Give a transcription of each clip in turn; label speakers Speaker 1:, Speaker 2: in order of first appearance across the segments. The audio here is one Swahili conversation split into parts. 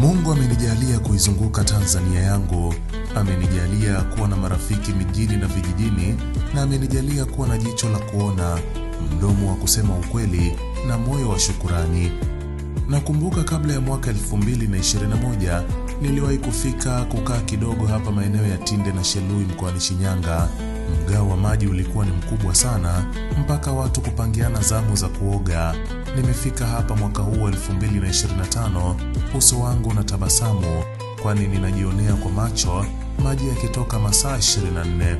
Speaker 1: Mungu amenijalia kuizunguka Tanzania yangu, amenijalia kuwa na marafiki mijini na vijijini, na amenijalia kuwa na jicho la kuona, mdomo wa kusema ukweli na moyo wa shukurani. Nakumbuka kabla ya mwaka 2021 niliwahi kufika kukaa kidogo hapa maeneo ya Tinde na Shelui mkoani Shinyanga. Mgao wa maji ulikuwa ni mkubwa sana mpaka watu kupangiana zamu za kuoga. Nimefika hapa mwaka huu uso wangu unatabasamu, kwani ninajionea kwa macho maji yakitoka masaa 24.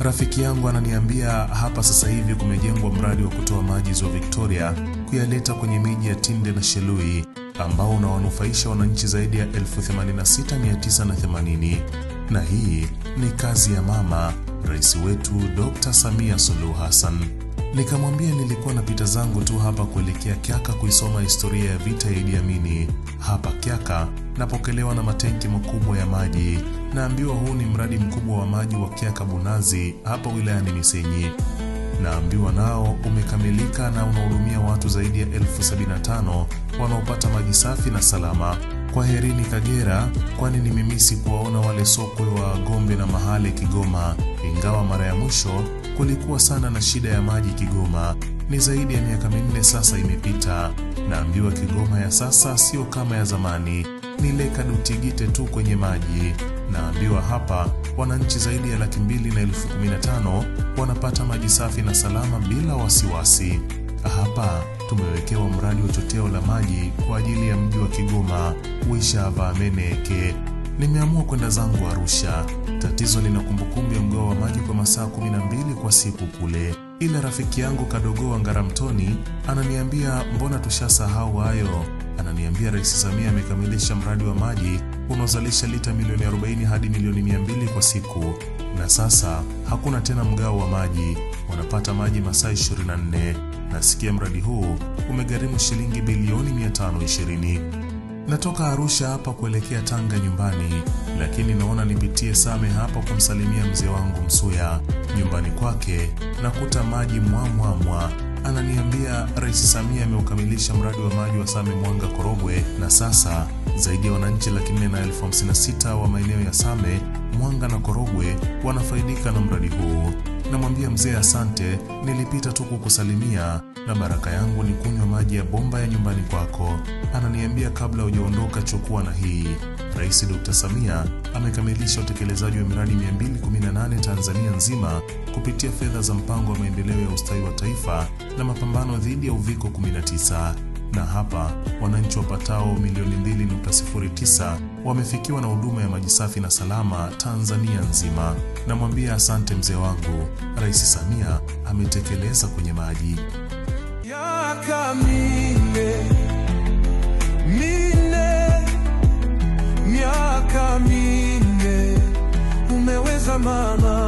Speaker 1: Rafiki yangu ananiambia hapa sasa hivi kumejengwa mradi wa kutoa maji ziwa Victoria kuyaleta kwenye miji ya Tinde na Shelui ambao unawanufaisha wananchi zaidi ya 86980 na hii ni kazi ya mama rais wetu Dr. Samia Suluhu Hassan. Nikamwambia nilikuwa napita zangu tu hapa kuelekea Kyaka kuisoma historia ya vita ya Idi Amini. Hapa Kyaka napokelewa na matenki makubwa ya maji, naambiwa huu ni mradi mkubwa wa maji wa Kyaka Bunazi hapa wilayani Misenyi. Naambiwa nao umekamilika na unahudumia watu zaidi ya elfu 75 wanaopata maji safi na salama kwa herini Kagera, kwani ni mimisi kuwaona wale sokwe wa Gombe na Mahale Kigoma, ingawa mara ya mwisho kulikuwa sana na shida ya maji Kigoma. Ni zaidi ya miaka minne sasa imepita. Naambiwa Kigoma ya sasa sio kama ya zamani, ni leka dutigite tu kwenye maji. Naambiwa hapa wananchi zaidi ya laki mbili na elfu kumi na tano wanapata maji safi na salama bila wasiwasi. Hapa tumewekewa mradi wa choteo la maji kwa ajili ya mji wa Kigoma uishava Meneke. Nimeamua kwenda zangu Arusha. Tatizo lina kumbukumbu ya mgao wa maji kwa masaa 12 kwa siku kule, ila rafiki yangu kadogo wa Ngaramtoni ananiambia mbona tushasahau hayo. Ananiambia Rais Samia amekamilisha mradi wa maji unaozalisha lita milioni 40 hadi milioni 200 kwa siku, na sasa hakuna tena mgao wa maji, wanapata maji masaa 24 nasikia mradi huu umegharimu shilingi bilioni 520. Natoka Arusha hapa kuelekea Tanga nyumbani, lakini naona nipitie Same hapa kumsalimia mzee wangu Msuya nyumbani kwake. Nakuta maji mwamwamwa, ananiambia Rais Samia ameukamilisha mradi wa maji wa Same Mwanga Korogwe, na sasa zaidi ya wananchi laki nne na elfu hamsini na sita wa maeneo ya Same, Mwanga na Korogwe wanafaidika na mradi huu namwambia mzee, asante, nilipita tu kukusalimia, na baraka yangu ni kunywa maji ya bomba ya nyumbani kwako. Ananiambia kabla hujaondoka, chukua na hii. Rais Dr. Samia amekamilisha utekelezaji wa miradi 218 Tanzania nzima kupitia fedha za mpango wa maendeleo ya ustawi wa taifa na mapambano dhidi ya uviko 19 na hapa wananchi wapatao milioni 2.09 wamefikiwa na huduma ya maji safi na salama Tanzania nzima. Namwambia asante mzee wangu, Rais Samia ametekeleza kwenye maji miaka minne minne, miaka minne umeweza mama